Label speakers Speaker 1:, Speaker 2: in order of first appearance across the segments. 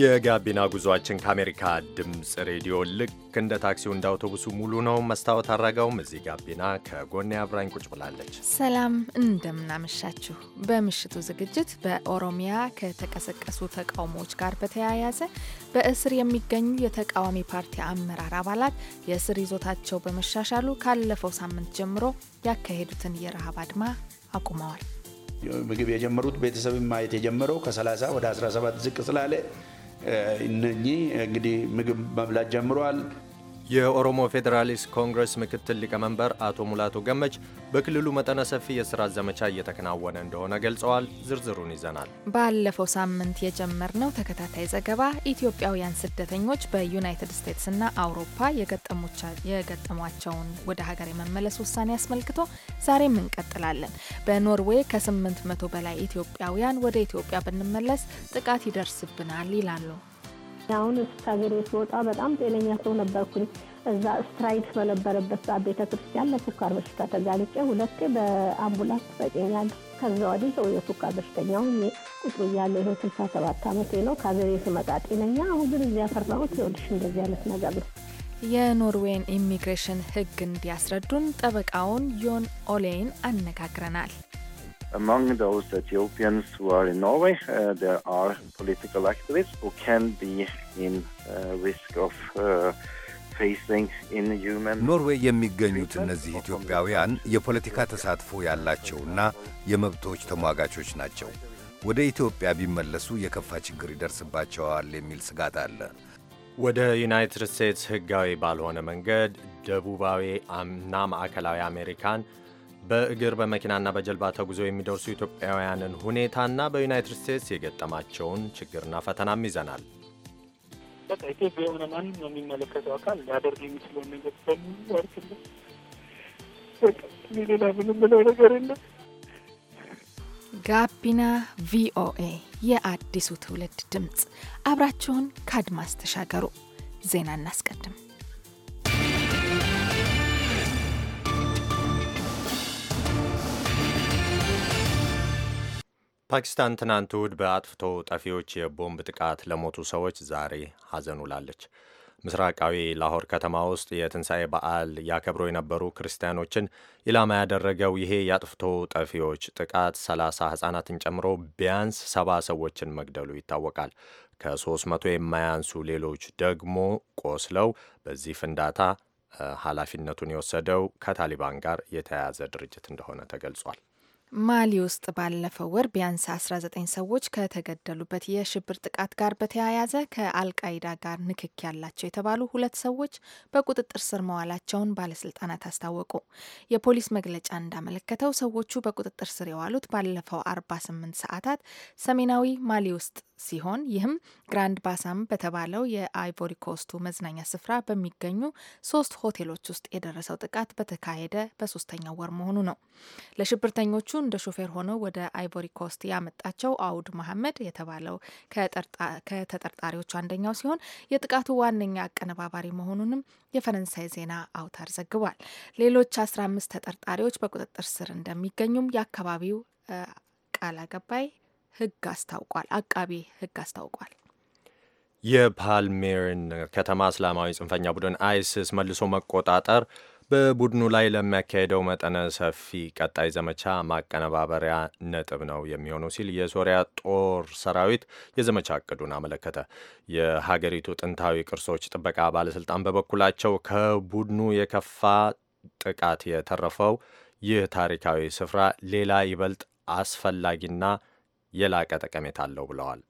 Speaker 1: የጋቢና ጉዟችን ከአሜሪካ ድምፅ ሬዲዮ ልክ እንደ ታክሲው እንደ አውቶቡሱ ሙሉ ነው። መስታወት አድራጋውም እዚህ ጋቢና ከጎኔ አብራኝ ቁጭ ብላለች።
Speaker 2: ሰላም እንደምናመሻችሁ። በምሽቱ ዝግጅት በኦሮሚያ ከተቀሰቀሱ ተቃውሞዎች ጋር በተያያዘ በእስር የሚገኙ የተቃዋሚ ፓርቲ አመራር አባላት የእስር ይዞታቸው በመሻሻሉ ካለፈው ሳምንት ጀምሮ ያካሄዱትን የረሃብ አድማ አቁመዋል።
Speaker 3: ምግብ የጀመሩት ቤተሰብ ማየት የጀመረው ከ30 ወደ 17 ዝቅ ስላለ እነኚህ እንግዲህ ምግብ መብላት ጀምረዋል። የኦሮሞ ፌዴራሊስት ኮንግረስ ምክትል ሊቀመንበር
Speaker 1: አቶ ሙላቱ ገመች በክልሉ መጠነ ሰፊ የስራ ዘመቻ እየተከናወነ እንደሆነ ገልጸዋል። ዝርዝሩን ይዘናል።
Speaker 2: ባለፈው ሳምንት የጀመርነው ተከታታይ ዘገባ ኢትዮጵያውያን ስደተኞች በዩናይትድ ስቴትስና አውሮፓ የገጠሟቸውን ወደ ሀገር የመመለስ ውሳኔ አስመልክቶ ዛሬም እንቀጥላለን። በኖርዌይ ከ800 በላይ ኢትዮጵያውያን ወደ ኢትዮጵያ ብንመለስ ጥቃት ይደርስብናል ይላሉ
Speaker 4: አሁን ከሀገሬ ስወጣ በጣም ጤነኛ ሰው ነበርኩኝ። እዛ ስትራይክ በነበረበት ሰዓት ቤተክርስቲያን ክርስቲያን በሽታ ተጋልጬ ሁለቴ በአምቡላንስ ተጠቄኛል። ከዛ ወዲህ ሰው የስኳር በሽተኛው ቁጥሩ እያለ ብያለሁ። ይኸው ስልሳ ሰባት ዓመቴ ነው። ከሀገሬ ስመጣ ጤነኛ፣ አሁን ግን እዚያ ያፈራሁት ይኸውልሽ እንደዚህ አይነት ነገር ነው።
Speaker 2: የኖርዌይን ኢሚግሬሽን ሕግ እንዲያስረዱን ጠበቃውን ዮን ኦሌን አነጋግረናል።
Speaker 5: Among those Ethiopians who are in Norway, uh, there are political activists who can be in uh, risk of uh,
Speaker 6: ኖርዌይ የሚገኙት እነዚህ ኢትዮጵያውያን የፖለቲካ ተሳትፎ ያላቸውና የመብቶች ተሟጋቾች ናቸው። ወደ ኢትዮጵያ ቢመለሱ የከፋ ችግር ይደርስባቸዋል የሚል ስጋት አለ።
Speaker 1: ወደ ዩናይትድ ስቴትስ ሕጋዊ ባልሆነ መንገድ ደቡባዊ እና ማዕከላዊ አሜሪካን በእግር በመኪናና በጀልባ ተጉዞ የሚደርሱ ኢትዮጵያውያንን ሁኔታና በዩናይትድ ስቴትስ የገጠማቸውን ችግርና ፈተናም ይዘናል።
Speaker 7: በቃ
Speaker 5: ኢትዮጵያ የሆነ ማንም የሚመለከተው አካል ሊያደርግ የሚችለውን ነገር በሙሉ
Speaker 2: ሌላ ምንም ምለው ነገር የለም። ጋቢና ቪኦኤ የአዲሱ ትውልድ ድምፅ፣ አብራችሁን ከአድማስ ተሻገሩ። ዜና እናስቀድም።
Speaker 1: ፓኪስታን ትናንት እሁድ በአጥፍቶ ጠፊዎች የቦምብ ጥቃት ለሞቱ ሰዎች ዛሬ ሐዘን ውላለች። ምስራቃዊ ላሆር ከተማ ውስጥ የትንሣኤ በዓል ያከብሩ የነበሩ ክርስቲያኖችን ኢላማ ያደረገው ይሄ የአጥፍቶ ጠፊዎች ጥቃት 30 ሕፃናትን ጨምሮ ቢያንስ ሰባ ሰዎችን መግደሉ ይታወቃል። ከ መቶ የማያንሱ ሌሎች ደግሞ ቆስለው በዚህ ፍንዳታ ኃላፊነቱን የወሰደው ከታሊባን ጋር የተያያዘ ድርጅት እንደሆነ ተገልጿል።
Speaker 2: ማሊ ውስጥ ባለፈው ወር ቢያንስ 19 ሰዎች ከተገደሉበት የሽብር ጥቃት ጋር በተያያዘ ከአልቃይዳ ጋር ንክኪ ያላቸው የተባሉ ሁለት ሰዎች በቁጥጥር ስር መዋላቸውን ባለስልጣናት አስታወቁ። የፖሊስ መግለጫ እንዳመለከተው ሰዎቹ በቁጥጥር ስር የዋሉት ባለፈው 48 ሰዓታት ሰሜናዊ ማሊ ውስጥ ሲሆን ይህም ግራንድ ባሳም በተባለው የአይቮሪ ኮስቱ መዝናኛ ስፍራ በሚገኙ ሶስት ሆቴሎች ውስጥ የደረሰው ጥቃት በተካሄደ በሶስተኛው ወር መሆኑ ነው። ለሽብርተኞቹ እንደ ሾፌር ሆነው ወደ አይቮሪ ኮስት ያመጣቸው አውድ መሐመድ የተባለው ከተጠርጣሪዎቹ አንደኛው ሲሆን የጥቃቱ ዋነኛ አቀነባባሪ መሆኑንም የፈረንሳይ ዜና አውታር ዘግቧል። ሌሎች አስራ አምስት ተጠርጣሪዎች በቁጥጥር ስር እንደሚገኙም የአካባቢው ቃል አቀባይ ህግ አስታውቋል። አቃቢ ህግ አስታውቋል።
Speaker 1: የፓልሜርን ከተማ እስላማዊ ጽንፈኛ ቡድን አይስስ መልሶ መቆጣጠር በቡድኑ ላይ ለሚያካሄደው መጠነ ሰፊ ቀጣይ ዘመቻ ማቀነባበሪያ ነጥብ ነው የሚሆነው ሲል የሶሪያ ጦር ሰራዊት የዘመቻ እቅዱን አመለከተ። የሀገሪቱ ጥንታዊ ቅርሶች ጥበቃ ባለስልጣን በበኩላቸው ከቡድኑ የከፋ ጥቃት የተረፈው ይህ ታሪካዊ ስፍራ ሌላ ይበልጥ አስፈላጊና የላቀ ጠቀሜታ አለው ብለዋል።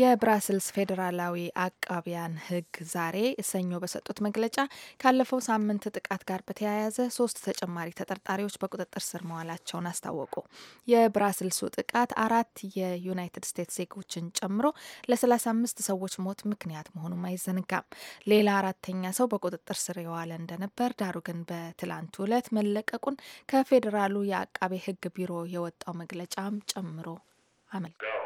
Speaker 2: የብራስልስ ፌዴራላዊ አቃቢያን ሕግ ዛሬ ሰኞ በሰጡት መግለጫ ካለፈው ሳምንት ጥቃት ጋር በተያያዘ ሶስት ተጨማሪ ተጠርጣሪዎች በቁጥጥር ስር መዋላቸውን አስታወቁ። የብራስልሱ ጥቃት አራት የዩናይትድ ስቴትስ ዜጎችን ጨምሮ ለ35 ሰዎች ሞት ምክንያት መሆኑም አይዘንጋም። ሌላ አራተኛ ሰው በቁጥጥር ስር የዋለ እንደነበር፣ ዳሩ ግን በትላንቱ ዕለት መለቀቁን ከፌዴራሉ የአቃቤ ሕግ ቢሮ የወጣው መግለጫም ጨምሮ
Speaker 3: አመልክቷል።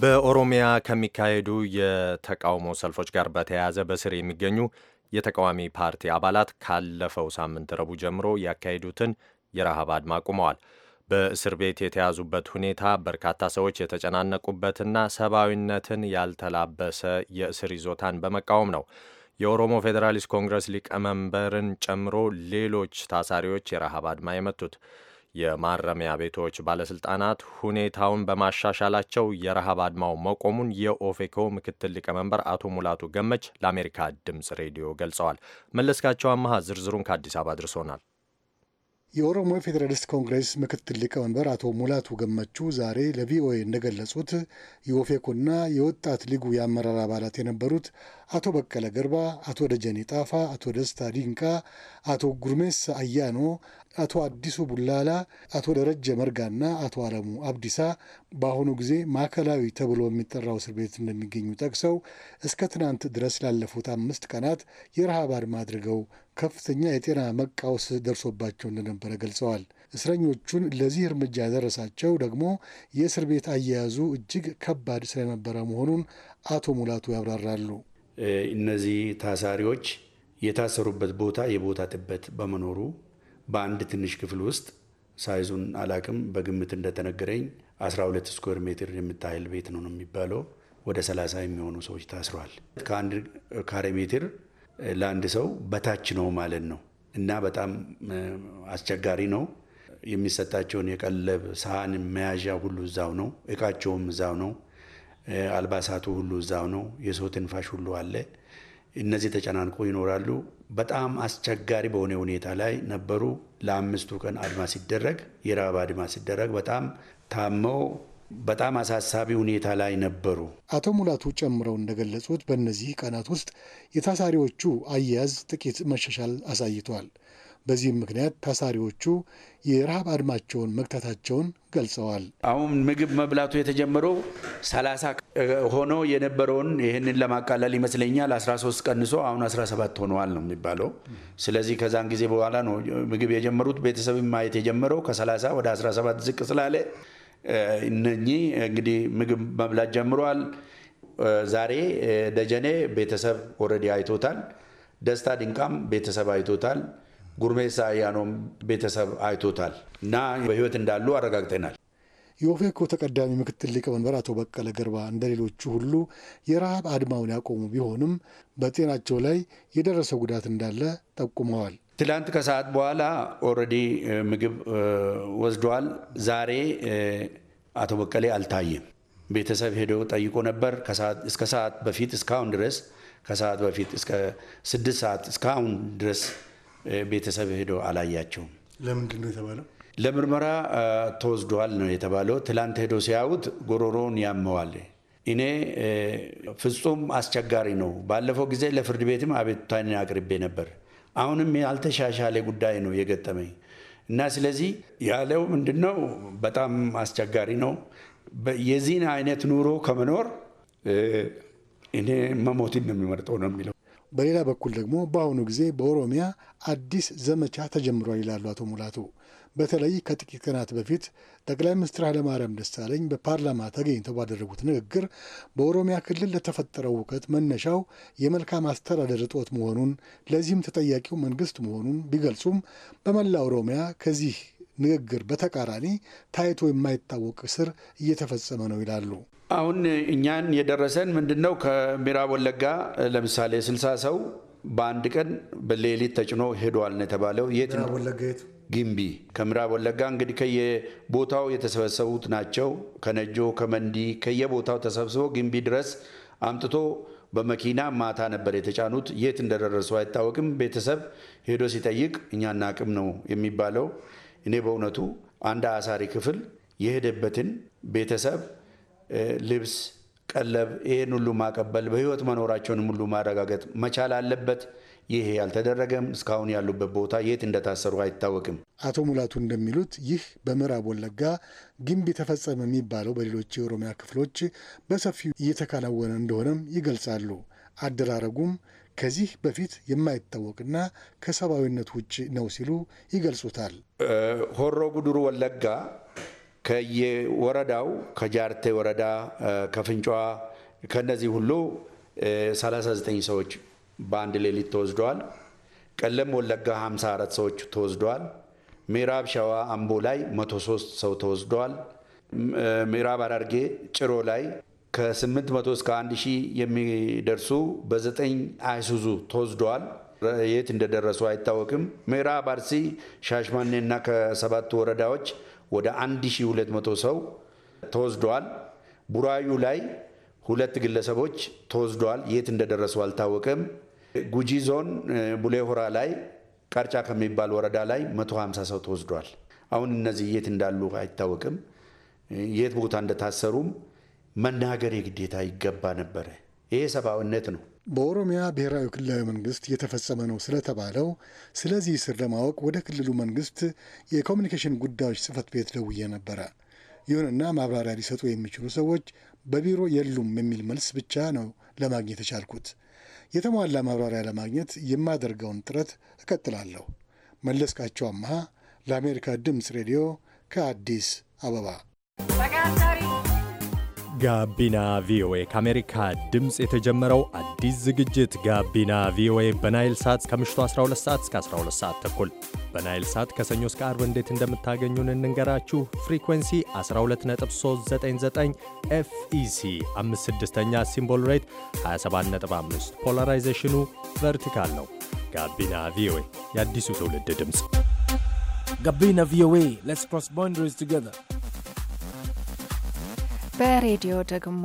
Speaker 1: በኦሮሚያ ከሚካሄዱ የተቃውሞ ሰልፎች ጋር በተያያዘ በስር የሚገኙ የተቃዋሚ ፓርቲ አባላት ካለፈው ሳምንት ረቡዕ ጀምሮ ያካሄዱትን የረሃብ አድማ አቁመዋል። በእስር ቤት የተያዙበት ሁኔታ በርካታ ሰዎች የተጨናነቁበትና ሰብአዊነትን ያልተላበሰ የእስር ይዞታን በመቃወም ነው። የኦሮሞ ፌዴራሊስት ኮንግረስ ሊቀመንበርን ጨምሮ ሌሎች ታሳሪዎች የረሃብ አድማ የመቱት የማረሚያ ቤቶች ባለስልጣናት ሁኔታውን በማሻሻላቸው የረሃብ አድማው መቆሙን የኦፌኮ ምክትል ሊቀመንበር አቶ ሙላቱ ገመች ለአሜሪካ ድምፅ ሬዲዮ ገልጸዋል። መለስካቸው አመሃ ዝርዝሩን ከአዲስ አበባ አድርሶናል።
Speaker 8: የኦሮሞ ፌዴራሊስት ኮንግሬስ ምክትል ሊቀመንበር አቶ ሙላቱ ገመቹ ዛሬ ለቪኦኤ እንደገለጹት የኦፌኮና የወጣት ሊጉ የአመራር አባላት የነበሩት አቶ በቀለ ገርባ፣ አቶ ደጀኔ ጣፋ፣ አቶ ደስታ ዲንቃ፣ አቶ ጉርሜስ አያኖ አቶ አዲሱ ቡላላ፣ አቶ ደረጀ መርጋና አቶ አለሙ አብዲሳ በአሁኑ ጊዜ ማዕከላዊ ተብሎ የሚጠራው እስር ቤት እንደሚገኙ ጠቅሰው እስከ ትናንት ድረስ ላለፉት አምስት ቀናት የረሃብ አድማ አድርገው ከፍተኛ የጤና መቃወስ ደርሶባቸው እንደነበረ ገልጸዋል። እስረኞቹን ለዚህ እርምጃ ያደረሳቸው ደግሞ የእስር ቤት አያያዙ እጅግ ከባድ ስለነበረ መሆኑን አቶ ሙላቱ ያብራራሉ።
Speaker 3: እነዚህ ታሳሪዎች የታሰሩበት ቦታ የቦታ ጥበት በመኖሩ በአንድ ትንሽ ክፍል ውስጥ ሳይዙን አላቅም፣ በግምት እንደተነገረኝ 12 ስኩዌር ሜትር የምታህል ቤት ነው ነው የሚባለው። ወደ 30 የሚሆኑ ሰዎች ታስሯል። ከአንድ ካሬ ሜትር ለአንድ ሰው በታች ነው ማለት ነው እና በጣም አስቸጋሪ ነው። የሚሰጣቸውን የቀለብ ሳህን መያዣ ሁሉ እዛው ነው። እቃቸውም እዛው ነው። አልባሳቱ ሁሉ እዛው ነው። የሰው ትንፋሽ ሁሉ አለ። እነዚህ ተጨናንቆ ይኖራሉ። በጣም አስቸጋሪ በሆነ ሁኔታ ላይ ነበሩ። ለአምስቱ ቀን አድማ ሲደረግ የረሃብ አድማ ሲደረግ በጣም ታመው በጣም አሳሳቢ ሁኔታ ላይ ነበሩ።
Speaker 8: አቶ ሙላቱ ጨምረው እንደገለጹት በእነዚህ ቀናት ውስጥ የታሳሪዎቹ አያያዝ ጥቂት መሻሻል አሳይቷል። በዚህም ምክንያት ታሳሪዎቹ የረሃብ አድማቸውን መክተታቸውን ገልጸዋል።
Speaker 3: አሁን ምግብ መብላቱ የተጀመረው ሰላሳ ሆኖ የነበረውን ይህንን ለማቃለል ይመስለኛል 13 ቀንሶ አሁን 17 ሆነዋል ነው የሚባለው። ስለዚህ ከዛን ጊዜ በኋላ ነው ምግብ የጀመሩት። ቤተሰብ ማየት የጀመረው ከ30 ወደ 17 ዝቅ ስላለ እነኚህ እንግዲህ ምግብ መብላት ጀምረዋል። ዛሬ ደጀኔ ቤተሰብ ኦልሬዲ አይቶታል። ደስታ ድንቃም ቤተሰብ አይቶታል። ጉርሜሳ አያኖም ቤተሰብ አይቶታል እና በህይወት እንዳሉ አረጋግጠናል።
Speaker 8: የኦፌኮ ተቀዳሚ ምክትል ሊቀመንበር አቶ በቀለ ገርባ እንደ ሌሎቹ ሁሉ የረሃብ አድማውን ያቆሙ ቢሆንም በጤናቸው ላይ የደረሰ ጉዳት እንዳለ ጠቁመዋል።
Speaker 3: ትላንት ከሰዓት በኋላ ኦልሬዲ ምግብ ወስደዋል። ዛሬ አቶ በቀሌ አልታየም። ቤተሰብ ሄዶ ጠይቆ ነበር። እስከ ሰዓት በፊት እስካሁን ድረስ ከሰዓት በፊት እስከ ስድስት ሰዓት እስካሁን ድረስ ቤተሰብ ሄዶ አላያቸውም።
Speaker 8: ለምንድን ነው የተባለው?
Speaker 3: ለምርመራ ተወስዷል ነው የተባለው። ትላንት ሄዶ ሲያዩት ጎሮሮን ያመዋል። እኔ ፍጹም አስቸጋሪ ነው። ባለፈው ጊዜ ለፍርድ ቤትም አቤቱታን አቅርቤ ነበር። አሁንም ያልተሻሻለ ጉዳይ ነው የገጠመኝ እና ስለዚህ ያለው ምንድነው በጣም አስቸጋሪ ነው። የዚህን አይነት ኑሮ ከመኖር እኔ መሞትን ነው የሚመርጠው ነው የሚለው
Speaker 8: በሌላ በኩል ደግሞ በአሁኑ ጊዜ በኦሮሚያ አዲስ ዘመቻ ተጀምሯል ይላሉ አቶ ሙላቱ። በተለይ ከጥቂት ቀናት በፊት ጠቅላይ ሚኒስትር ኃይለማርያም ደሳለኝ በፓርላማ ተገኝተው ባደረጉት ንግግር በኦሮሚያ ክልል ለተፈጠረው እውቀት መነሻው የመልካም አስተዳደር እጦት መሆኑን ለዚህም ተጠያቂው መንግስት መሆኑን ቢገልጹም በመላ ኦሮሚያ ከዚህ ንግግር በተቃራኒ ታይቶ የማይታወቅ እስር እየተፈጸመ ነው ይላሉ።
Speaker 3: አሁን እኛን የደረሰን ምንድን ነው? ከምዕራብ ወለጋ ለምሳሌ ስልሳ ሰው በአንድ ቀን በሌሊት ተጭኖ ሄዷል ነው የተባለው። የት ነው? ግንቢ ከምዕራብ ወለጋ እንግዲህ ከየቦታው የተሰበሰቡት ናቸው። ከነጆ ከመንዲ ከየቦታው ተሰብስቦ ግንቢ ድረስ አምጥቶ በመኪና ማታ ነበር የተጫኑት። የት እንደደረሱ አይታወቅም። ቤተሰብ ሄዶ ሲጠይቅ እኛ አቅም ነው የሚባለው። እኔ በእውነቱ አንድ አሳሪ ክፍል የሄደበትን ቤተሰብ ልብስ፣ ቀለብ ይህን ሁሉ ማቀበል በህይወት መኖራቸውንም ሁሉ ማረጋገጥ መቻል አለበት። ይሄ ያልተደረገም እስካሁን ያሉበት ቦታ የት እንደታሰሩ አይታወቅም። አቶ
Speaker 8: ሙላቱ እንደሚሉት ይህ በምዕራብ ወለጋ ግንቢ ተፈጸመ የሚባለው በሌሎች የኦሮሚያ ክፍሎች በሰፊው እየተከናወነ እንደሆነም ይገልጻሉ። አደራረጉም ከዚህ በፊት የማይታወቅና ከሰብአዊነት ውጭ ነው ሲሉ ይገልጹታል።
Speaker 3: ሆሮ ጉዱሩ ወለጋ ከየወረዳው ከጃርቴ ወረዳ፣ ከፍንጫ ከነዚህ ሁሉ 39 ሰዎች በአንድ ሌሊት ተወስደዋል። ቀለም ወለጋ 54 ሰዎች ተወስደዋል። ምዕራብ ሸዋ አምቦ ላይ 103 ሰው ተወስደዋል። ምዕራብ ሐረርጌ ጭሮ ላይ ከ800 እስከ 1000 የሚደርሱ በዘጠኝ አይሱዙ ተወስደዋል። የት እንደደረሱ አይታወቅም። ምዕራብ አርሲ ሻሽማኔ እና ከሰባቱ ወረዳዎች ወደ 1200 ሰው ተወስደዋል። ቡራዩ ላይ ሁለት ግለሰቦች ተወስደዋል። የት እንደደረሱ አልታወቅም። ጉጂ ዞን ቡሌሆራ ላይ ቀርጫ ከሚባል ወረዳ ላይ 150 ሰው ተወስደዋል። አሁን እነዚህ የት እንዳሉ አይታወቅም። የት ቦታ እንደታሰሩም መናገር የግዴታ ይገባ ነበረ። ይሄ ሰብአዊነት ነው።
Speaker 8: በኦሮሚያ ብሔራዊ ክልላዊ መንግስት እየተፈጸመ ነው ስለተባለው ስለዚህ ስር ለማወቅ ወደ ክልሉ መንግስት የኮሚኒኬሽን ጉዳዮች ጽህፈት ቤት ደውዬ ነበረ። ይሁንና ማብራሪያ ሊሰጡ የሚችሉ ሰዎች በቢሮ የሉም የሚል መልስ ብቻ ነው ለማግኘት የቻልኩት። የተሟላ ማብራሪያ ለማግኘት የማደርገውን ጥረት እቀጥላለሁ። መለስካቸው አምሃ ለአሜሪካ ድምፅ ሬዲዮ ከአዲስ አበባ
Speaker 1: ጋቢና ቪኦኤ ከአሜሪካ ድምፅ የተጀመረው አዲስ ዝግጅት ጋቢና ቪኦኤ በናይል ሳት ከምሽቱ 12 ሰዓት እስከ 12 ሰዓት ተኩል በናይል ሳት ከሰኞ እስከ አርብ እንዴት እንደምታገኙን እንንገራችሁ። ፍሪኩንሲ 12399 ኤፍኢሲ 56ኛ ሲምቦል ሬት 275 ፖላራይዜሽኑ ቨርቲካል ነው። ጋቢና ቪኦኤ የአዲሱ ትውልድ ድምፅ
Speaker 2: ጋቢና ቪኦኤ ስ ፕሮስ ቦንደሪስ ቱገር በሬዲዮ ደግሞ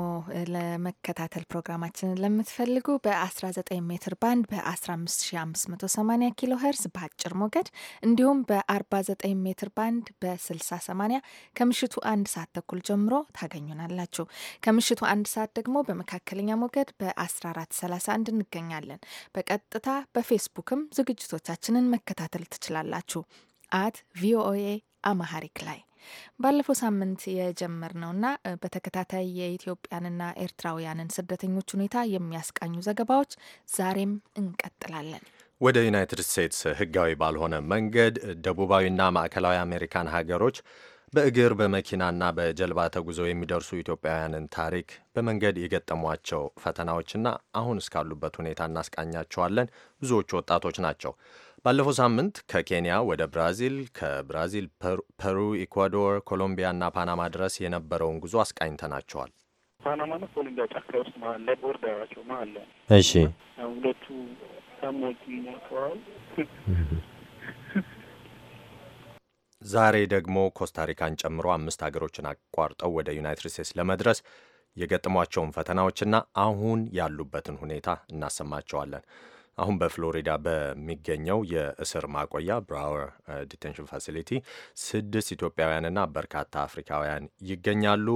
Speaker 2: ለመከታተል ፕሮግራማችንን ለምትፈልጉ በ19 ሜትር ባንድ በ15580 ኪሎ ሄርስ በአጭር ሞገድ እንዲሁም በ49 ሜትር ባንድ በ6080 ከምሽቱ አንድ ሰዓት ተኩል ጀምሮ ታገኙናላችሁ። ከምሽቱ አንድ ሰዓት ደግሞ በመካከለኛ ሞገድ በ1431 እንገኛለን። በቀጥታ በፌስቡክም ዝግጅቶቻችንን መከታተል ትችላላችሁ። አት ቪኦኤ አማሃሪክ ላይ ባለፈው ሳምንት የጀመር የጀመርነውና በተከታታይ የኢትዮጵያንና ኤርትራውያንን ስደተኞች ሁኔታ የሚያስቃኙ ዘገባዎች ዛሬም እንቀጥላለን።
Speaker 1: ወደ ዩናይትድ ስቴትስ ህጋዊ ባልሆነ መንገድ ደቡባዊና ማዕከላዊ አሜሪካን ሀገሮች በእግር በመኪናና በጀልባ ተጉዘው የሚደርሱ ኢትዮጵያውያንን ታሪክ በመንገድ የገጠሟቸው ፈተናዎችና አሁን እስካሉበት ሁኔታ እናስቃኛቸዋለን። ብዙዎቹ ወጣቶች ናቸው። ባለፈው ሳምንት ከኬንያ ወደ ብራዚል፣ ከብራዚል ፐሩ፣ ኢኳዶር፣ ኮሎምቢያና ፓናማ ድረስ የነበረውን ጉዞ አስቃኝተናቸዋል።
Speaker 5: ፓናማና ኮሎምቢያ ጫካ ውስጥ መሀል ላይ ቦርደራቸው መሀል ላይ እሺ፣ ሁለቱ ታሞች ይሞተዋል።
Speaker 1: ዛሬ ደግሞ ኮስታሪካን ጨምሮ አምስት ሀገሮችን አቋርጠው ወደ ዩናይትድ ስቴትስ ለመድረስ የገጠሟቸውን ፈተናዎችና አሁን ያሉበትን ሁኔታ እናሰማቸዋለን። አሁን በፍሎሪዳ በሚገኘው የእስር ማቆያ ብራወር ዲቴንሽን ፋሲሊቲ ስድስት ኢትዮጵያውያንና በርካታ አፍሪካውያን ይገኛሉ።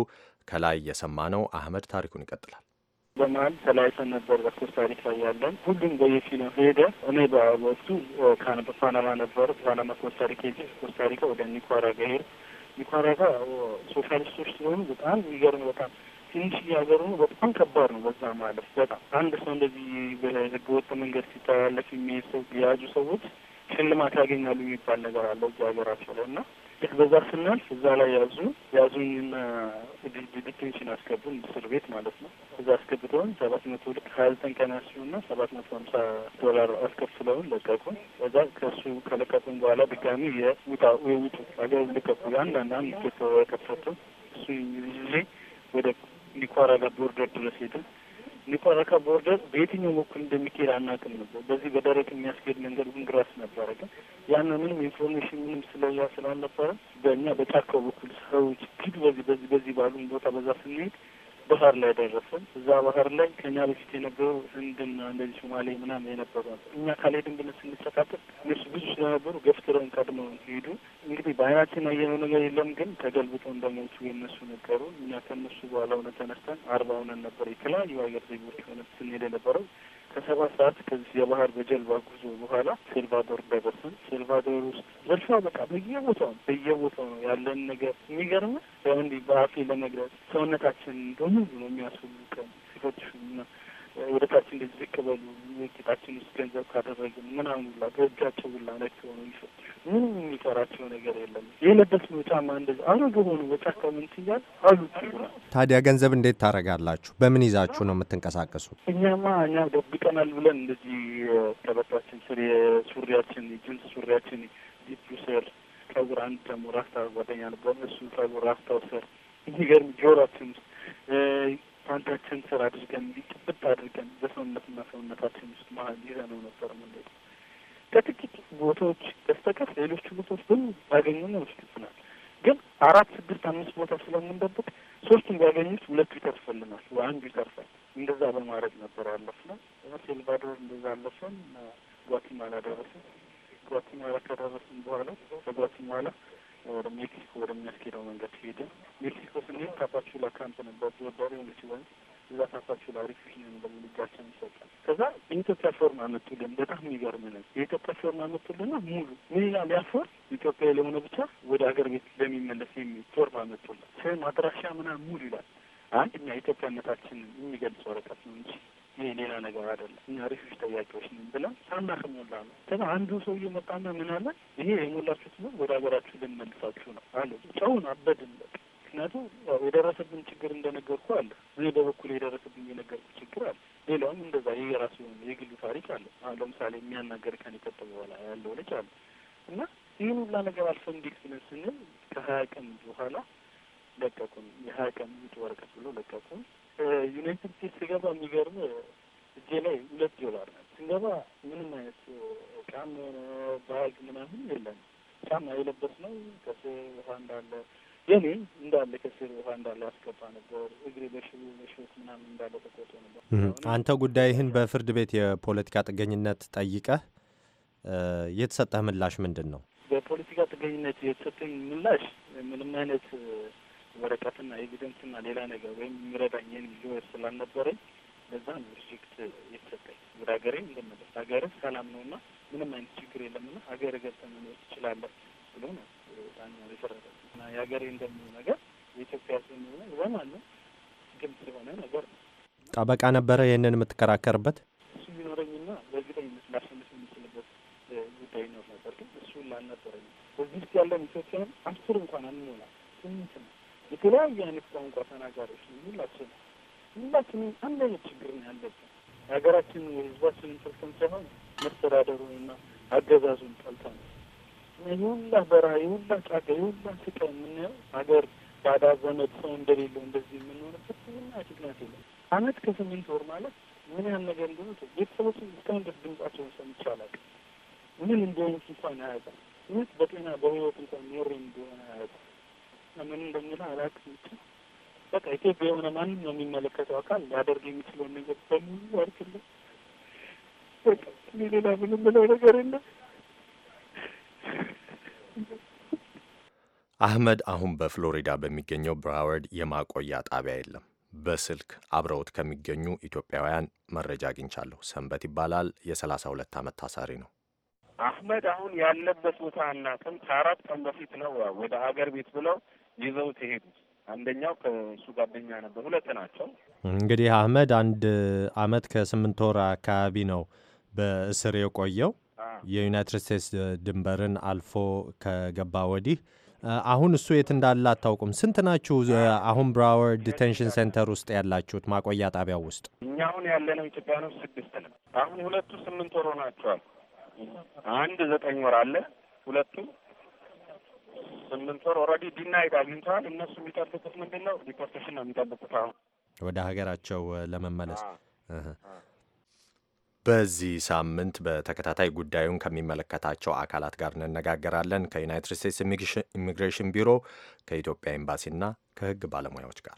Speaker 1: ከላይ የሰማነው አህመድ ታሪኩን ይቀጥላል።
Speaker 5: በመሀል ተለያይተን ነበር በኮስታሪካ ያለን ሁሉም በየፊናው ሄደ። እኔ በወቅቱ ፓናማ ነበር። ፓናማ ኮስታሪካ ሄ ኮስታሪካ ወደ ኒካራጋ ሄድ። ኒካራጋ ሶሻሊስቶች ስለሆኑ በጣም የሚገርም በጣም ትንሽ ሀገር ነው። በጣም ከባድ ነው በዛ ማለት በጣም አንድ ሰው እንደዚህ በህገወጥ መንገድ ሲታያለፍ የሚሄድ ሰው የያዙ ሰዎች ሽልማት ያገኛሉ የሚባል ነገር አለው እዚህ ሀገራቸው ላይ እና ልክ በዛ ስናልፍ እዛ ላይ ያዙ ያዙኝና ዲቴንሽን አስገቡን እስር ቤት ማለት ነው። እዛ አስገብተውን ሰባት መቶ ልክ ሀያ ዘጠኝ ቀን ያስዩና ሰባት መቶ ሀምሳ ዶላር አስከፍለውን ለቀቁን። ከዛ ከእሱ ከለቀቁን በኋላ ድጋሚ የውጣ የውጡ አገር ልቀቁ አንዳንድ አንድ ከፈቱ እሱ ጊዜ ወደ ኒኳራ ለቦርደር ድረስ ሄድን። ሊቋረካ ቦርደር በየትኛው በኩል እንደሚካሄድ አናውቅም ነበር። በዚህ በደረቅ የሚያስኬድ መንገድ ግን ግራስ ነበረ። ግን ምንም ኢንፎርሜሽን ምንም ስለዛ ስላልነበረ በእኛ በጫካው በኩል ሰዎች ግድ በዚህ በዚህ በዚህ ባሉን ቦታ በዛ ስንሄድ ባህር ላይ ደረስን። እዛ ባህር ላይ ከኛ በፊት የነበሩ ህንድና እንደዚህ ሶማሌ ምናምን የነበሩ እኛ ካልሄድን ብለን ስንጨቃጨቅ እነሱ ብዙ ስለነበሩ ገፍትረውን ቀድመው ሄዱ። እንግዲህ በአይናችን ያየነው ነገር የለም ግን ተገልብጦ እንደሞቱ የነሱ ነበሩ። እኛ ከነሱ በኋላ ሆነ ተነስተን አርባ ሆነን ነበር የተለያዩ ሀገር ዜጎች ሆነ ስንሄድ የነበረው ከሰባት ሰዓት ከዚህ የባህር በጀልባ ጉዞ በኋላ ሴልቫዶር እንዳይደርስም ሴልቫዶር ውስጥ መልፋ በቃ በየቦታው በየቦታው ነው ያለን ነገር የሚገርም ያው እንዲህ በአፌ ለመግለጽ ሰውነታችን እንደሆነ ነው ሴቶች ሲፈትሹ ወደ ታች እንደዚህ ዝቅ በሉ ጌጣችን ውስጥ ገንዘብ ካደረግን ምናምን ብላ በእጃቸው ብላ ነክ ሆኑ ይፈትሹ። ምንም የሚጠራቸው ነገር የለም። የለበስነው ጫማ እንደዚህ አሮጌ ሆኑ በጫካ ምን ትያል አሉ።
Speaker 1: ታዲያ ገንዘብ እንዴት ታደርጋላችሁ? በምን ይዛችሁ ነው የምትንቀሳቀሱ?
Speaker 5: እኛማ እኛ ደብቀናል ብለን እንደዚህ ከበታችን ስር የሱሪያችን ጅንስ ሱሪያችን ዲፕ ስር ጸጉር አንድ ደግሞ ራስታ ጓደኛ ነበር እሱ ጸጉር ራስታው ስር የሚገርም ጆሮችን ውስጥ አንዳችን ስር አድርገን እንዲጥብጥ አድርገን በሰውነትና ሰውነታችን ውስጥ መሀል ይዘነው ነበር ምንሄድ ከጥቂት ቦታዎች በስተቀር ሌሎቹ ቦታዎች ብዙ ባገኙ ነው ይወስዱብናል። ግን አራት ስድስት አምስት ቦታ ስለምንደብቅ ሶስቱን ቢያገኙት ሁለቱ ይተርፈልናል ወይ አንዱ ይተርፋል። እንደዛ በማድረግ ነበር ያለፍነው። ኤልቫዶር እንደዛ አለፈን። ጓቲማላ ደረስን። ጓቲማላ ከደረስን በኋላ ከጓቲማላ ወደ ሜክሲኮ ወደሚያስኬደው መንገድ ሲሄድን ሜክሲኮ ስንሄድ ካፓቹላ ካምፕ ነበር። ተወዳሪ ሆነች ወንዝ እዛ ካፓቹላ አሪፍ ይህን ይሰጣል። ከዛ የኢትዮጵያ ፎርም አመጡልን። በጣም የሚገርም ነው። የኢትዮጵያ ፎርም አመጡልና ሙሉ ምን ይላል ኢትዮጵያ ለሆነ ብቻ ወደ ሀገር ቤት ለሚመለስ የሚል ፎርም አመጡልን። ስም፣ አድራሻ ምናምን ሙሉ ይላል። አንድ እና ኢትዮጵያነታችንን የሚገልጽ ወረቀት ነው እንጂ ይህ ሌላ ነገር አይደለም። እኛ ሪፊጅ ጠያቂዎች ነን ብለን ሳናፍ ሞላ ነው። ከዛ አንዱ ሰው እየመጣና ምን አለ፣ ይሄ የሞላችሁት ነው ወደ ሀገራችሁ ልንመልሳችሁ ነው አለ። ጨውን አበድን። ምክንያቱም የደረሰብን ችግር እንደነገርኩ አለ። እኔ በበኩል የደረሰብኝ የነገርኩ ችግር አለ። ሌላውም እንደዛ የራሱ የሆነ የግሉ ታሪክ አለ። ለምሳሌ የሚያናገር ቀን የጠጠ በኋላ ያለው ልጅ አለ እና ይህን ሁላ ነገር አልፈን እንዴት ብለን ስንል ከሀያ ቀን በኋላ ለቀቁን። የሀያ ቀን ውጭ ወረቀት ብሎ ለቀቁን። ዩናይትድ ስቴትስ ስገባ የሚገርም እጄ ላይ ሁለት ዶላር ናት። ስንገባ ምንም አይነት ቃም ባግ ምናምን የለም። ጫማ የለበስ ነው። ከስር ውሃ እንዳለ የኔ እንዳለ ከስር ውሃ እንዳለ አስገባ ነበር። እግሬ በሽሉ በሽት ምናምን እንዳለ ተቆጦ
Speaker 1: ነበር። አንተ ጉዳይህን በፍርድ ቤት የፖለቲካ ጥገኝነት ጠይቀህ የተሰጠህ ምላሽ ምንድን ነው?
Speaker 5: በፖለቲካ ጥገኝነት የተሰጠኝ ምላሽ ምንም አይነት ወረቀትና ኤቪደንስና ሌላ ነገር ወይም የሚረዳኝ ይህን ጊዜ ስላልነበረኝ በዛ ነው ሪጀክት የተሰጠኝ። ወደ ሀገሬ እንደመለስ ሀገር ሰላም ነው ነውና ምንም አይነት ችግር የለምና ሀገር ገብተህ መኖር ትችላለህ ብሎ ነው ዳኛው የፈረደው እና የሀገሬ እንደሚሆን ነገር የኢትዮጵያ ሕዝብ የሚሆነ ወም አለ ግልጽ የሆነ ነገር ነው።
Speaker 1: ጠበቃ ነበረ ይህንን የምትከራከርበት
Speaker 5: እሱ ቢኖረኝና በእርግጠኝነት ላሸንፍ የምችልበት ጉዳይ ይኖር ነበር፣ ግን እሱ ላልነበረኝ በዚህ ውስጥ ያለን ኢትዮጵያን አስር እንኳን አንሞላ ስምንት ነው የተለያዩ አይነት ቋንቋ ተናጋሪዎች ነው ሁላችን ሁላችንም አንድ አይነት ችግር ነው ያለብን። የሀገራችን የህዝባችንን ጠልተን ሳይሆን መስተዳደሩንና አገዛዙን ጠልተን ነው። የሁላ በረሃ የሁላ ጫካ የሁላ ስቃይ የምናየው ሀገር ባዳ ዘመድ ሰው እንደሌለው እንደዚህ የምንሆንበት ምና ችግናት የለም። አመት ከስምንት ወር ማለት ምን ያህል ነገር እንደሆነ ቤተሰቦች እስካሁን ድረስ ድምጻቸውን ሰምቼ አላውቅም። ምን እንደሆነ እንኳን አያውቅም። እውነት በጤና በህይወት እንኳን ኖሬ እንደሆነ አያውቅም። ምን እንደሚለ አላውቅም። በቃ ኢትዮጵያ የሆነ ማንም ነው የሚመለከተው አካል ሊያደርግ የሚችለውን ነገር በሙሉ አድርግልኝ። ሌላ ምንም ምለው ነገር የለም።
Speaker 1: አህመድ አሁን በፍሎሪዳ በሚገኘው ብራወርድ የማቆያ ጣቢያ የለም። በስልክ አብረውት ከሚገኙ ኢትዮጵያውያን መረጃ አግኝቻለሁ። ሰንበት ይባላል። የሰላሳ ሁለት ዓመት ታሳሪ ነው።
Speaker 5: አህመድ አሁን ያለበት ቦታ አናውቅም። ከአራት ቀን በፊት ነው ወደ ሀገር ቤት ብለው ይዘውት የሄዱ አንደኛው ከእሱ ጓደኛ ነበር። ሁለት ናቸው።
Speaker 1: እንግዲህ አህመድ አንድ አመት ከስምንት ወር አካባቢ ነው በእስር የቆየው የዩናይትድ ስቴትስ ድንበርን አልፎ ከገባ ወዲህ። አሁን እሱ የት እንዳለ አታውቁም? ስንት ናችሁ አሁን ብራወር ዲቴንሽን ሴንተር ውስጥ ያላችሁት ማቆያ ጣቢያ ውስጥ? እኛ አሁን ያለነው ነው ስድስት ነው። አሁን ሁለቱ ስምንት
Speaker 5: ወር ሆናቸዋል። አንድ ዘጠኝ ወር አለ፣ ሁለቱ ስምንት ወር ኦልሬዲ ዲናይድ አግኝተዋል። እነሱ የሚጠብቁት ምንድን ነው? ዲፖርቴሽን ነው የሚጠብቁት አሁን
Speaker 1: ወደ ሀገራቸው ለመመለስ። በዚህ ሳምንት በተከታታይ ጉዳዩን ከሚመለከታቸው አካላት ጋር እንነጋገራለን። ከዩናይትድ ስቴትስ ኢሚግሬሽን ቢሮ፣ ከኢትዮጵያ ኤምባሲና ከሕግ ባለሙያዎች ጋር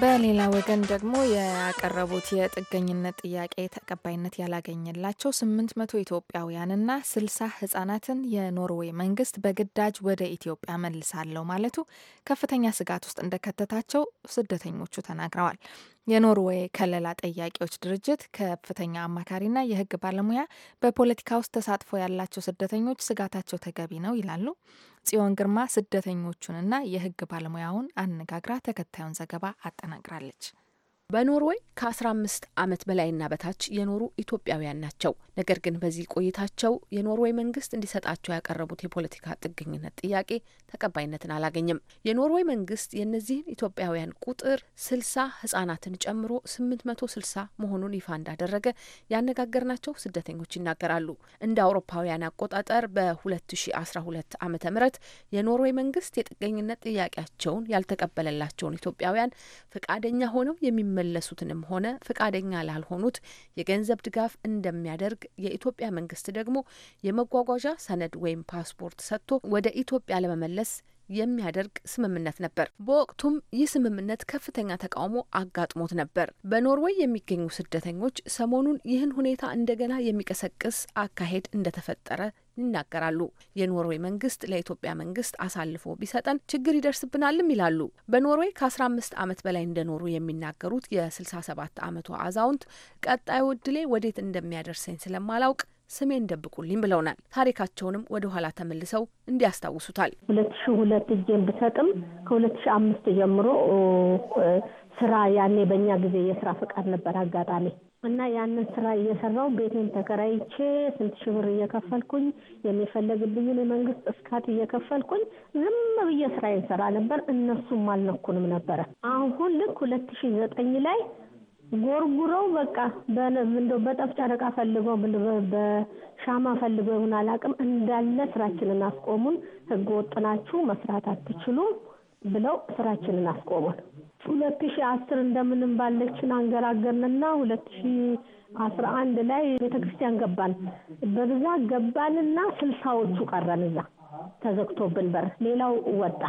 Speaker 2: በሌላ ወገን ደግሞ ያቀረቡት የጥገኝነት ጥያቄ ተቀባይነት ያላገኘላቸው 800 ኢትዮጵያውያንና 60 ህጻናትን የኖርዌይ መንግስት በግዳጅ ወደ ኢትዮጵያ መልሳለሁ ማለቱ ከፍተኛ ስጋት ውስጥ እንደከተታቸው ስደተኞቹ ተናግረዋል። የኖርዌይ ከለላ ጠያቂዎች ድርጅት ከፍተኛ አማካሪና የህግ ባለሙያ በፖለቲካ ውስጥ ተሳትፎ ያላቸው ስደተኞች ስጋታቸው ተገቢ ነው ይላሉ። ጽዮን ግርማ ስደተኞቹንና የህግ ባለሙያውን አነጋግራ ተከታዩን ዘገባ
Speaker 9: አጠናቅራለች። በኖርዌይ ከ15 ዓመት በላይና በታች የኖሩ ኢትዮጵያውያን ናቸው። ነገር ግን በዚህ ቆይታቸው የኖርዌይ መንግስት እንዲሰጣቸው ያቀረቡት የፖለቲካ ጥገኝነት ጥያቄ ተቀባይነትን አላገኘም። የኖርዌይ መንግስት የእነዚህን ኢትዮጵያውያን ቁጥር 60 ህጻናትን ጨምሮ 860 መሆኑን ይፋ እንዳደረገ ያነጋገርናቸው ስደተኞች ይናገራሉ። እንደ አውሮፓውያን አቆጣጠር በ2012 ዓ ም የኖርዌይ መንግስት የጥገኝነት ጥያቄያቸውን ያልተቀበለላቸውን ኢትዮጵያውያን ፈቃደኛ ሆነው የሚ ያልመለሱትንም ሆነ ፈቃደኛ ላልሆኑት የገንዘብ ድጋፍ እንደሚያደርግ፣ የኢትዮጵያ መንግስት ደግሞ የመጓጓዣ ሰነድ ወይም ፓስፖርት ሰጥቶ ወደ ኢትዮጵያ ለመመለስ የሚያደርግ ስምምነት ነበር። በወቅቱም ይህ ስምምነት ከፍተኛ ተቃውሞ አጋጥሞት ነበር። በኖርዌይ የሚገኙ ስደተኞች ሰሞኑን ይህን ሁኔታ እንደገና የሚቀሰቅስ አካሄድ እንደተፈጠረ ይናገራሉ። የኖርዌይ መንግስት ለኢትዮጵያ መንግስት አሳልፎ ቢሰጠን ችግር ይደርስብናልም ይላሉ። በኖርዌይ ከአስራ አምስት አመት በላይ እንደኖሩ የሚናገሩት የስልሳ ሰባት አመቱ አዛውንት ቀጣዩ እድሌ ወዴት እንደሚያደርሰኝ ስለማላውቅ ስሜን ደብቁልኝ ብለውናል። ታሪካቸውንም ወደ ኋላ ተመልሰው እንዲያስታውሱታል።
Speaker 4: ሁለት ሺ ሁለት እጄን ብሰጥም ከሁለት ሺ አምስት ጀምሮ ስራ ያኔ በእኛ ጊዜ የስራ ፈቃድ ነበር አጋጣሚ እና ያንን ስራ እየሰራው ቤቴን ተከራይቼ ስንት ሺህ ብር እየከፈልኩኝ የሚፈለግብኝን የመንግስት እስካት እየከፈልኩኝ ዝም ብዬ ስራ ይሰራ ነበር። እነሱም አልነኩንም ነበረ። አሁን ልክ ሁለት ሺ ዘጠኝ ላይ ጎርጉረው በቃ እንደው በጠፍ ጨረቃ ፈልገው በሻማ ፈልገው ይሁን አላውቅም፣ እንዳለ ስራችንን አስቆሙን። ህገ ወጥናችሁ መስራት አትችሉም ብለው ስራችንን አስቆሙን። ሁለት ሺ አስር እንደምንም ባለችን አንገራገርንና ሁለት ሺ አስራ አንድ ላይ ቤተክርስቲያን ገባን። በብዛት ገባንና ስልሳዎቹ ቀረን እዛ ተዘግቶብን በር ሌላው ወጣ።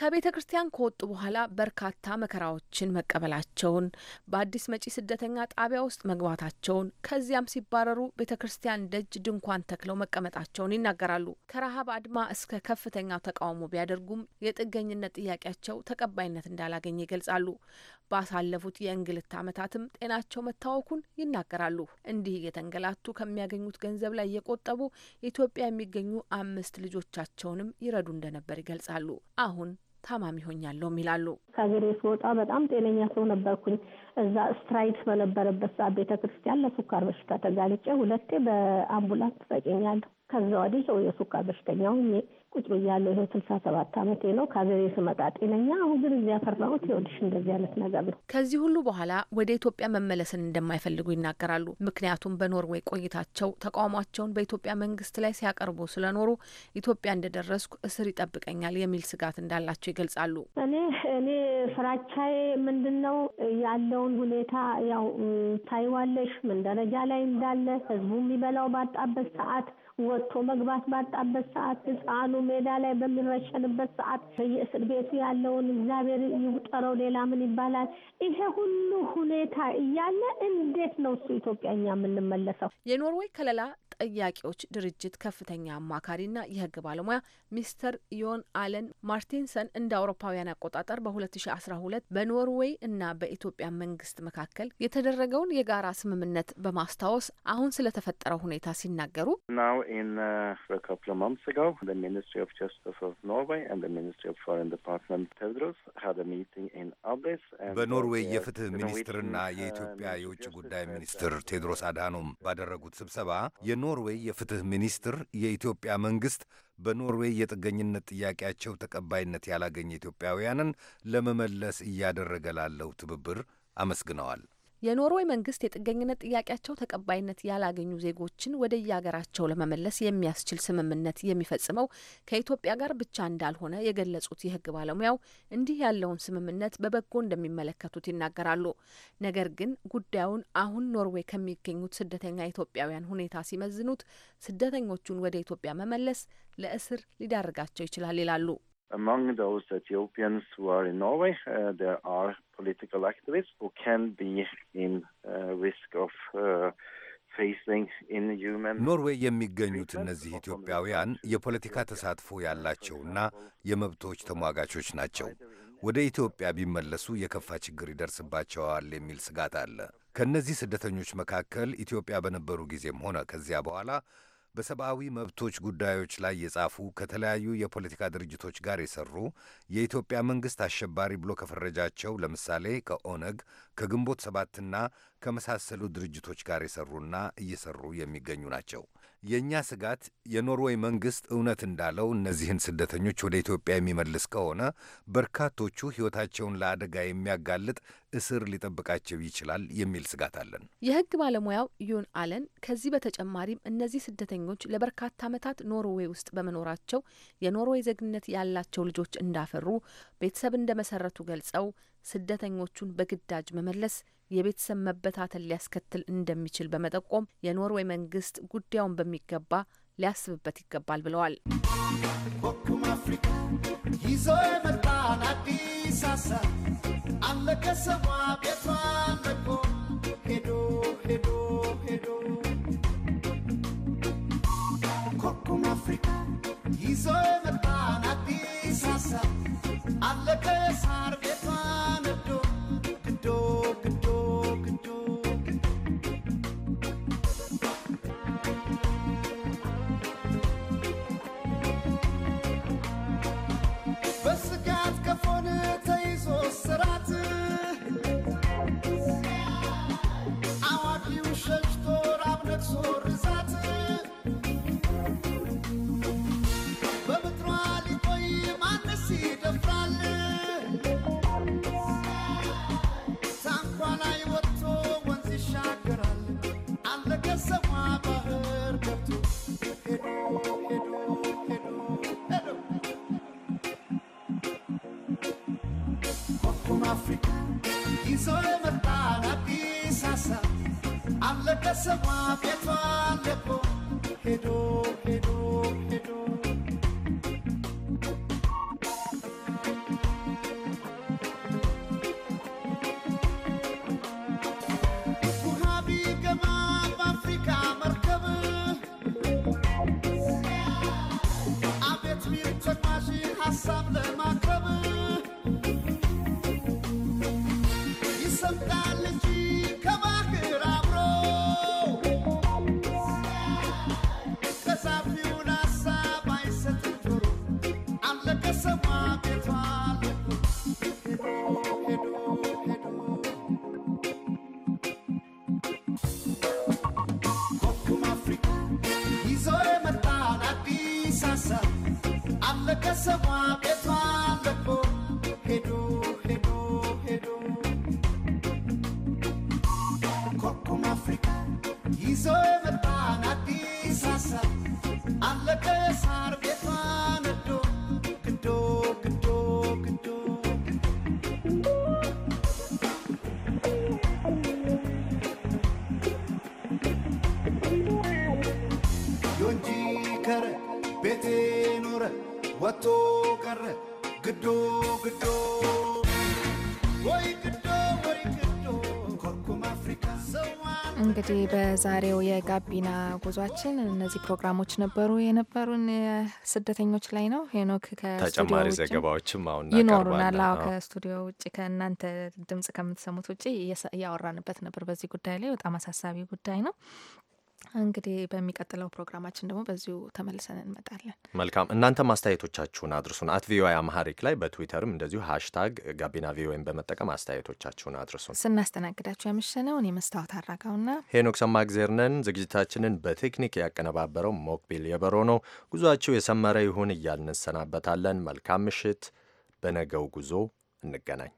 Speaker 9: ከቤተ ክርስቲያን ከወጡ በኋላ በርካታ መከራዎችን መቀበላቸውን፣ በአዲስ መጪ ስደተኛ ጣቢያ ውስጥ መግባታቸውን፣ ከዚያም ሲባረሩ ቤተ ክርስቲያን ደጅ ድንኳን ተክለው መቀመጣቸውን ይናገራሉ። ከረሃብ አድማ እስከ ከፍተኛ ተቃውሞ ቢያደርጉም የጥገኝነት ጥያቄያቸው ተቀባይነት እንዳላገኘ ይገልጻሉ። ባሳለፉት የእንግልት ዓመታትም ጤናቸው መታወኩን ይናገራሉ። እንዲህ እየተንገላቱ ከሚያገኙት ገንዘብ ላይ እየቆጠቡ ኢትዮጵያ የሚገኙ አምስት ልጆቻቸውንም ይረዱ እንደነበር ይገልጻሉ። አሁን ታማሚ ሆኛለሁም ይላሉ።
Speaker 4: ከሀገሬ ስወጣ በጣም ጤነኛ ሰው ነበርኩኝ። እዛ ስትራይክ በነበረበት ሰዓት ቤተ ክርስቲያን ለሱካር በሽታ ተጋልጬ ሁለቴ በአምቡላንስ ትጠቀኛለሁ። ከዛ ወዲህ ሰው የሱካር በሽተኛው ኔ ቁጭ ብያለሁ። ይኸው ስልሳ ሰባት አመቴ ነው። ከሀገሬ ስመጣ ጤነኛ፣ አሁን ግን እዚያ ያፈራሁት ይኸውልሽ እንደዚህ አይነት ነገር ነው።
Speaker 9: ከዚህ ሁሉ በኋላ ወደ ኢትዮጵያ መመለስን እንደማይፈልጉ ይናገራሉ። ምክንያቱም በኖርዌይ ቆይታቸው ተቃውሟቸውን በኢትዮጵያ መንግስት ላይ ሲያቀርቡ ስለኖሩ ኢትዮጵያ እንደደረስኩ እስር ይጠብቀኛል የሚል ስጋት እንዳላቸው ይገልጻሉ።
Speaker 4: እኔ እኔ ፍራቻዬ ምንድን ነው ያለውን ሁኔታ ያው ታይዋለሽ፣ ምን ደረጃ ላይ እንዳለ ህዝቡ የሚበላው ባጣበት ሰዓት ወጥቶ መግባት ባጣበት ሰዓት ህፃኑ ሜዳ ላይ በሚረሸንበት ሰዓት በየእስር ቤቱ ያለውን እግዚአብሔር ይውጠረው፣ ሌላ ምን ይባላል? ይሄ ሁሉ ሁኔታ እያለ እንዴት ነው እሱ ኢትዮጵያኛ የምንመለሰው? የኖርዌይ
Speaker 9: ከለላ ጠያቂዎች ድርጅት ከፍተኛ አማካሪና የህግ ባለሙያ ሚስተር ዮን አለን ማርቲንሰን እንደ አውሮፓውያን አቆጣጠር በ2012 በኖርዌይ እና በኢትዮጵያ መንግስት መካከል የተደረገውን የጋራ ስምምነት በማስታወስ አሁን ስለተፈጠረው ሁኔታ ሲናገሩ
Speaker 5: uh, በኖርዌይ የፍትህ ሚኒስትርና uh, የኢትዮጵያ
Speaker 6: የውጭ ጉዳይ ሚኒስትር ቴድሮስ አድሃኖም ባደረጉት ስብሰባ የኖርዌይ የፍትህ ሚኒስትር የኢትዮጵያ መንግስት በኖርዌይ የጥገኝነት ጥያቄያቸው ተቀባይነት ያላገኘ ኢትዮጵያውያንን ለመመለስ እያደረገ ላለው ትብብር አመስግነዋል።
Speaker 9: የኖርዌይ መንግስት የጥገኝነት ጥያቄያቸው ተቀባይነት ያላገኙ ዜጎችን ወደ የሀገራቸው ለመመለስ የሚያስችል ስምምነት የሚፈጽመው ከኢትዮጵያ ጋር ብቻ እንዳልሆነ የገለጹት የህግ ባለሙያው እንዲህ ያለውን ስምምነት በበጎ እንደሚመለከቱት ይናገራሉ። ነገር ግን ጉዳዩን አሁን ኖርዌይ ከሚገኙት ስደተኛ ኢትዮጵያውያን ሁኔታ ሲመዝኑት ስደተኞቹን ወደ ኢትዮጵያ መመለስ ለእስር ሊዳርጋቸው ይችላል ይላሉ።
Speaker 5: among those Ethiopians who are in Norway, uh, there are political activists who can be in uh, risk of uh,
Speaker 6: ኖርዌይ የሚገኙት እነዚህ ኢትዮጵያውያን የፖለቲካ ተሳትፎ ያላቸውና የመብቶች ተሟጋቾች ናቸው። ወደ ኢትዮጵያ ቢመለሱ የከፋ ችግር ይደርስባቸዋል የሚል ስጋት አለ። ከእነዚህ ስደተኞች መካከል ኢትዮጵያ በነበሩ ጊዜም ሆነ ከዚያ በኋላ በሰብአዊ መብቶች ጉዳዮች ላይ የጻፉ ከተለያዩ የፖለቲካ ድርጅቶች ጋር የሰሩ የኢትዮጵያ መንግስት አሸባሪ ብሎ ከፈረጃቸው ለምሳሌ ከኦነግ ከግንቦት ሰባትና ከመሳሰሉ ድርጅቶች ጋር የሰሩና እየሰሩ የሚገኙ ናቸው። የእኛ ስጋት የኖርዌይ መንግሥት እውነት እንዳለው እነዚህን ስደተኞች ወደ ኢትዮጵያ የሚመልስ ከሆነ በርካቶቹ ሕይወታቸውን ለአደጋ የሚያጋልጥ እስር ሊጠብቃቸው ይችላል የሚል ስጋት አለን።
Speaker 9: የሕግ ባለሙያው ዩን አለን ከዚህ በተጨማሪም እነዚህ ስደተኞች ለበርካታ ዓመታት ኖርዌይ ውስጥ በመኖራቸው የኖርዌይ ዜግነት ያላቸው ልጆች እንዳፈሩ፣ ቤተሰብ እንደመሰረቱ ገልጸው ስደተኞቹን በግዳጅ መመለስ የቤተሰብ መበታተን ሊያስከትል እንደሚችል በመጠቆም የኖርዌይ መንግስት ጉዳዩን በሚገባ ሊያስብበት ይገባል ብለዋል።
Speaker 7: ይዞ የመጣን አዲስ ሀሳብ አለቀሰማ ቤቷን ለቆ ሄዶ ሄዶ ሄዶ ኮኩም አፍሪካ ይዞ የመጣን አዲስ ሀሳብ አለቀሳር someone
Speaker 2: እንግዲህ በዛሬው የጋቢና ጉዟችን እነዚህ ፕሮግራሞች ነበሩ። የነበሩን ስደተኞች ላይ ነው። ሄኖክ ተጨማሪ ዘገባዎችም አሁን ይኖሩናል። አዎ ከስቱዲዮ ውጭ ከእናንተ ድምጽ ከምትሰሙት ውጭ እያወራንበት ነበር። በዚህ ጉዳይ ላይ በጣም አሳሳቢ ጉዳይ ነው። እንግዲህ በሚቀጥለው ፕሮግራማችን ደግሞ በዚሁ ተመልሰን እንመጣለን።
Speaker 1: መልካም። እናንተ አስተያየቶቻችሁን አድርሱን። አት ቪኦኤ አማሃሪክ ላይ በትዊተርም እንደዚሁ ሃሽታግ ጋቢና ቪኦኤን በመጠቀም አስተያየቶቻችሁን አድርሱን።
Speaker 2: ስናስተናግዳችሁ ያመሸነው እኔ መስታወት አራጋውና
Speaker 1: ሄኖክ ሰማእግዜር ነን። ዝግጅታችንን በቴክኒክ ያቀነባበረው ሞክቢል የበሮ ነው። ጉዟችሁ የሰመረ ይሁን እያል እንሰናበታለን። መልካም ምሽት። በነገው ጉዞ እንገናኝ።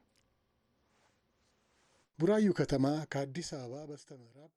Speaker 8: ቡራዩ ከተማ ከአዲስ አበባ በስተምዕራብ